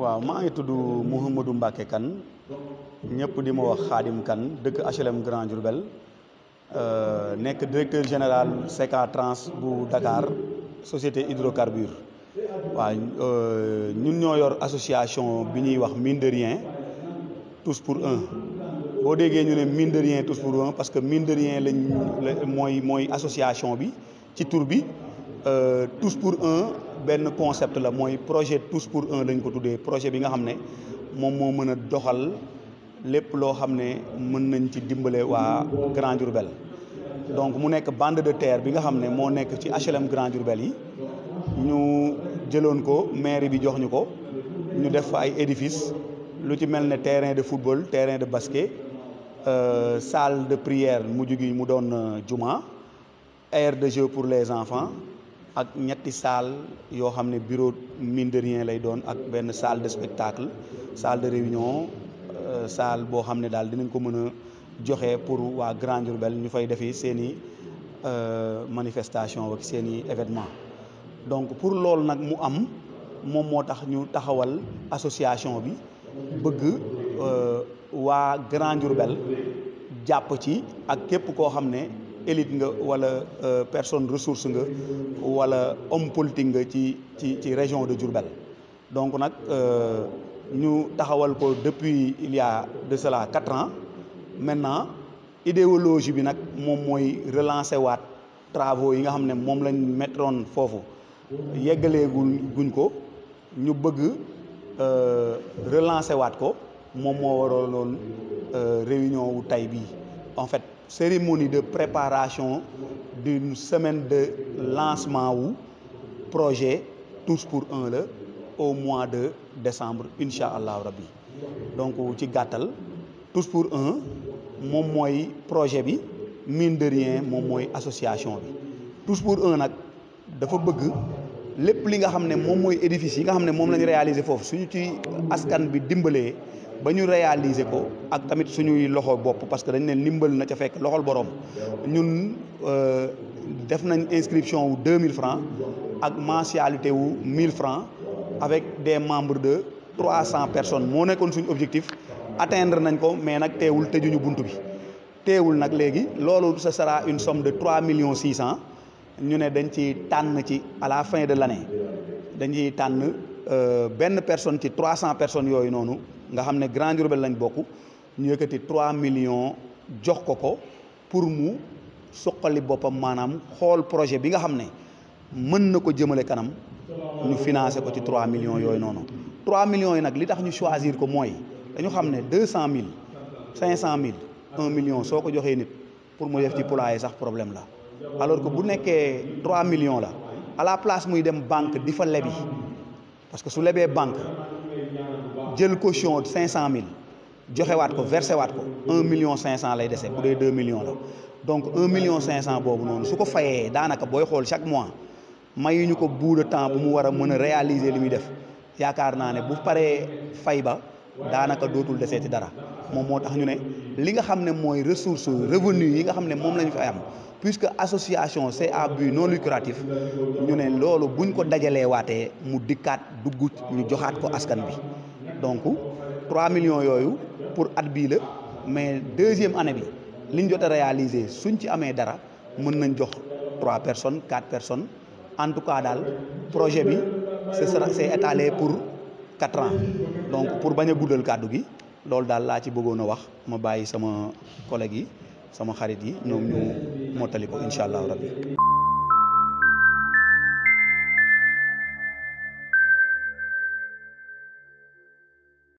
waaw maa ngi tudd Mouhamadou Mbacke kan ñëpp di ma wax Khadim Kane dëkk HLM Grand Diourbel euh, nekk directeur général Seca Trans bu Dakar société hydrocarbure waaw euh, ñun ñoo yor association bi ñuy wax mine de rien tous pour un boo déggee ñu ne mine de rien tous pour un parce que mine de rien lañ mooy mooy association bi ci tour bi euh, tous pour un benn concept la mooy projet tous pour un lañ ko tuddee projet bi nga xam ne moom moo mën a doxal lépp loo xam ne mën nañ ci dimbale waa Grand Diourbel donc mu nekk bande de terre bi nga xam ne moo nekk ci HLM Grand Diourbel yi ñu jëloon ko mairie bi jox ñu ko ñu def fa ay édifice lu ci mel ne terrain de football terrain de basket euh, salle de prière mujj gi mu doon euh, juma aire de jeu pour les enfants ak ñetti salle yoo xam ne bureau mine lay doon ak benn salle de spectacle salle de réunion euh, salle boo xam ne daal dinañ ko mën a joxe pour waa Grand Diourbel ñu fay defi seeni i euh, manifestation ak seen événement donc pour loolu nag mu am moom moo tax ñu taxawal association bi bëgg euh, waa Grand Diourbel jàpp ci ak képp koo xam ne élite nga wala euh, personne ressource nga wala homme politique nga ci ci ci région de Diourbel donc nag euh, ñu taxawal ko depuis il de cela quatre ans maintenant idéologie bi nag moom mooy relancer waat travaux yi nga xam ne moom lañ mettroon foofu yeggaleegul guñ ko ñu bëgg euh, relancer waat ko moom moo waraloon réunion wu tey bii en fait cérémonie de préparation d'une semaine de lancement wu projet tous pour un la au mois de décembre incha allahu rabbi donc ci gàttal tous pour un moom mooy projet bi mine de rien moom mooy association bi tous pour un nag dafa bëgg lépp li nga xam ne moom mooy édifice yi nga xam ne moom lañu ñu réaliser foofu suñu ci askan bi dimbalee ba ñu réaliser ko ak tamit suñuy loxo bopp parce que dañ ne ndimbal na ca fekk loxol borom ñun euh, def nañ inscription wu mille francs ak mensualité wu mille francs avec des membres de 300 personnes moo nekkoon suñu objectif attendre nañ ko mais nag teewul tëjuñu bunt bi teewul nag léegi loolu ce sera une somme de 3 millions 600. ñu ne dañ ci tànn ci à la fin de l'année dañuy tànn euh, benn personne ci trois cent personnes yooyu noonu nga xam ne Grand Diourbel lañ bokk ñu yëkkati trois million jox ko ko pour mu suqali boppam maanaam xool projet bi nga xam ne mën na ko jëmale kanam ñu financé ko ci trois million yooyu noonu trois millions yi nag li tax ñu choisir ko mooy dañu xam ne deux cent mille cinq cent mille un million soo ko joxee nit pour mu def ci poulailler sax problème la alors que bu nekkee 3 millions la à place muy dem banque di fa lebi parce que su lebee banque jël caution 500000 joxewaat ko versé waat ko 1 million cinq 500 lay dese bu dee 2 millions la donc 1 million 500 boobu noonu su ko fayee daanaka booy xool chaque mois mayuñu ko bout temps bu mu war a mën a réaliser li muy def yaakaar naa ne bu paree fay ba daanaka dootul deseeti dara moom moo tax ñu ne li nga xam ne mooy ressource revenu yi nga xam ne moom la ñu fi am. puisque association c'est à but non lucratif ñu ne loolu buñ ko dajalee waatee mu dikkaat dugg ñu joxaat ko askan bi donc 3 millions yooyu pour at bii la mais deuxième année bi liñ jot a réaliser suñ ci amee dara mën nañ jox trois personnes quatre personnes en tout cas daal projet bi ce sera c'est étalé pour quatre ans donc pour bañ a guddal kàddu gi loolu daal laa ci bëggoon a wax ma bàyyi sama collègue yi sama xarit yi ñoom ñu mottali ko incha allahu rabbi